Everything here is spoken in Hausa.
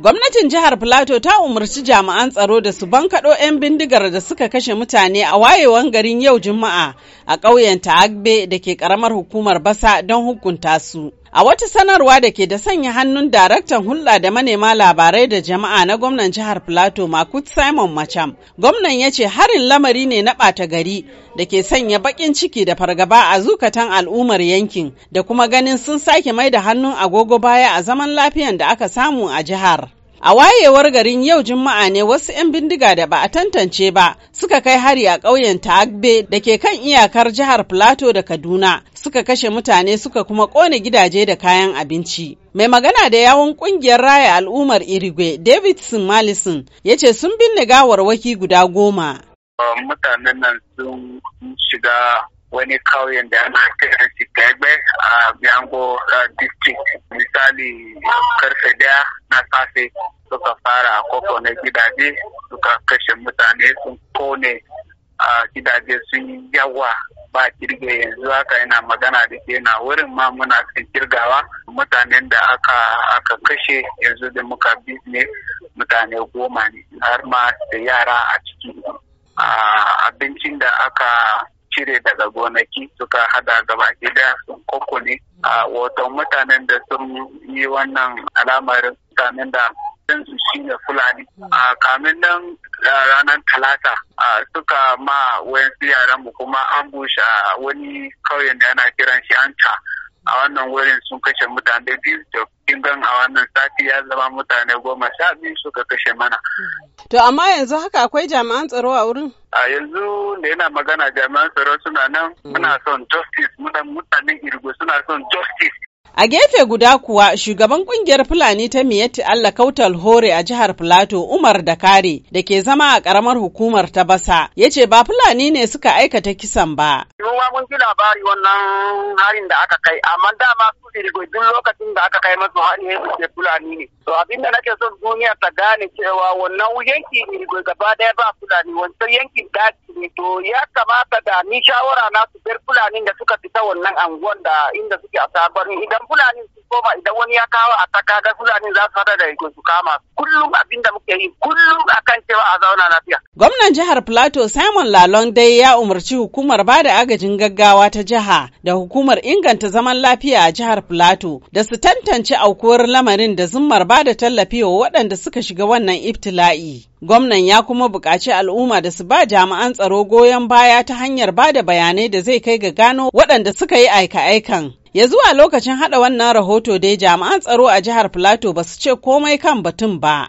Gwamnatin jihar Filato ta umarci jami'an tsaro da su bankaɗo 'yan bindigar da suka kashe mutane a wayewan garin yau Juma'a a ƙauyen Ta'agbe da ke ƙaramar hukumar Basa don hukunta su. A wata sanarwa da ke da sanya hannun daraktan hulɗa da manema labarai da jama'a na gwamnan jihar Plateau Makut Simon Macham, gwamnan ya ce harin lamari ne na ɓata gari da ke sanya baƙin ciki da fargaba a zukatan al'ummar yankin da kuma ganin sun sake mai da hannun agogo baya a zaman lafiyan da aka samu a jihar. A wayewar garin yau Juma'a ne wasu 'yan bindiga da ba a tantance ba suka kai hari a ƙauyen Ta'agbe da ke kan iyakar jihar Filato da Kaduna suka kashe mutane suka kuma ƙone gidaje da kayan abinci. Mai magana da yawon ƙungiyar raya al'ummar Irigwe Davidson Malison ya ce sun binne gawarwaki guda goma. Um, mutanen nan sun shiga wani ƙauyen da ana kiran shi a Biango district misali safe suka fara a kofo na gidaje suka kashe mutane sun kone a gidaje sun yawa ba kirge yanzu haka yana magana da ke na wurin ma muna kan kirgawa mutanen da aka aka kashe yanzu da muka ne mutane goma ne har ma da yara a ciki abincin da aka cire daga gonaki suka hada gaba gida sun koko ne a wato mutanen da sun yi wannan alamarin mutanen da su shine fulani a kamin nan ranar talata suka ma wayansu yaran mu kuma an bushe wani kauyen da yana kiran shi anta a wannan wurin sun kashe mutane biyu da gan a wannan sati ya zama mutane goma sha biyu suka kashe mana. To amma yanzu haka akwai jami'an tsaro a wurin? A yanzu da yana magana jami'an tsaro suna nan muna mm. son justice muna mutanen irgo suna son justice A gefe guda kuwa shugaban kungiyar Fulani ta Miyetti Allah Kautal Hore a jihar Filato Umar Dakare da ke zama a karamar hukumar ta Basa ya ce ba Fulani ne suka aikata kisan ba. Ruwa mun ji labari wannan harin da aka kai amma dama su dirigo duk lokacin da aka kai masu hari ne suke Fulani ne. To abinda nake son duniya ta gane cewa wannan yanki dirigo gaba daya ba Fulani wancan yankin daji to ya kamata da ni shawara na su bar fulanin da suka fita wannan anguwan da inda suke a sabon idan fulanin su koma idan wani ya kawo a taka ga fulanin za su hada da su kama kullum abinda muke yi kullum akan cewa a zauna na Gwamnan jihar Plateau Simon Lalong dai ya umarci hukumar ba da agajin gaggawa ta jiha da hukumar inganta zaman lafiya a jihar Plateau da su tantance aukuwar lamarin da zummar ba da tallafi wa waɗanda suka shiga wannan ibtila'i. Gwamnan ya kuma buƙaci al'umma da su ba jami'an tsaro goyon baya ta hanyar ba da bayanai da zai kai ga gano waɗanda suka yi aika-aikan. Ya zuwa lokacin haɗa wannan rahoto dai jami'an tsaro a jihar Plateau ba su ce komai kan batun ba.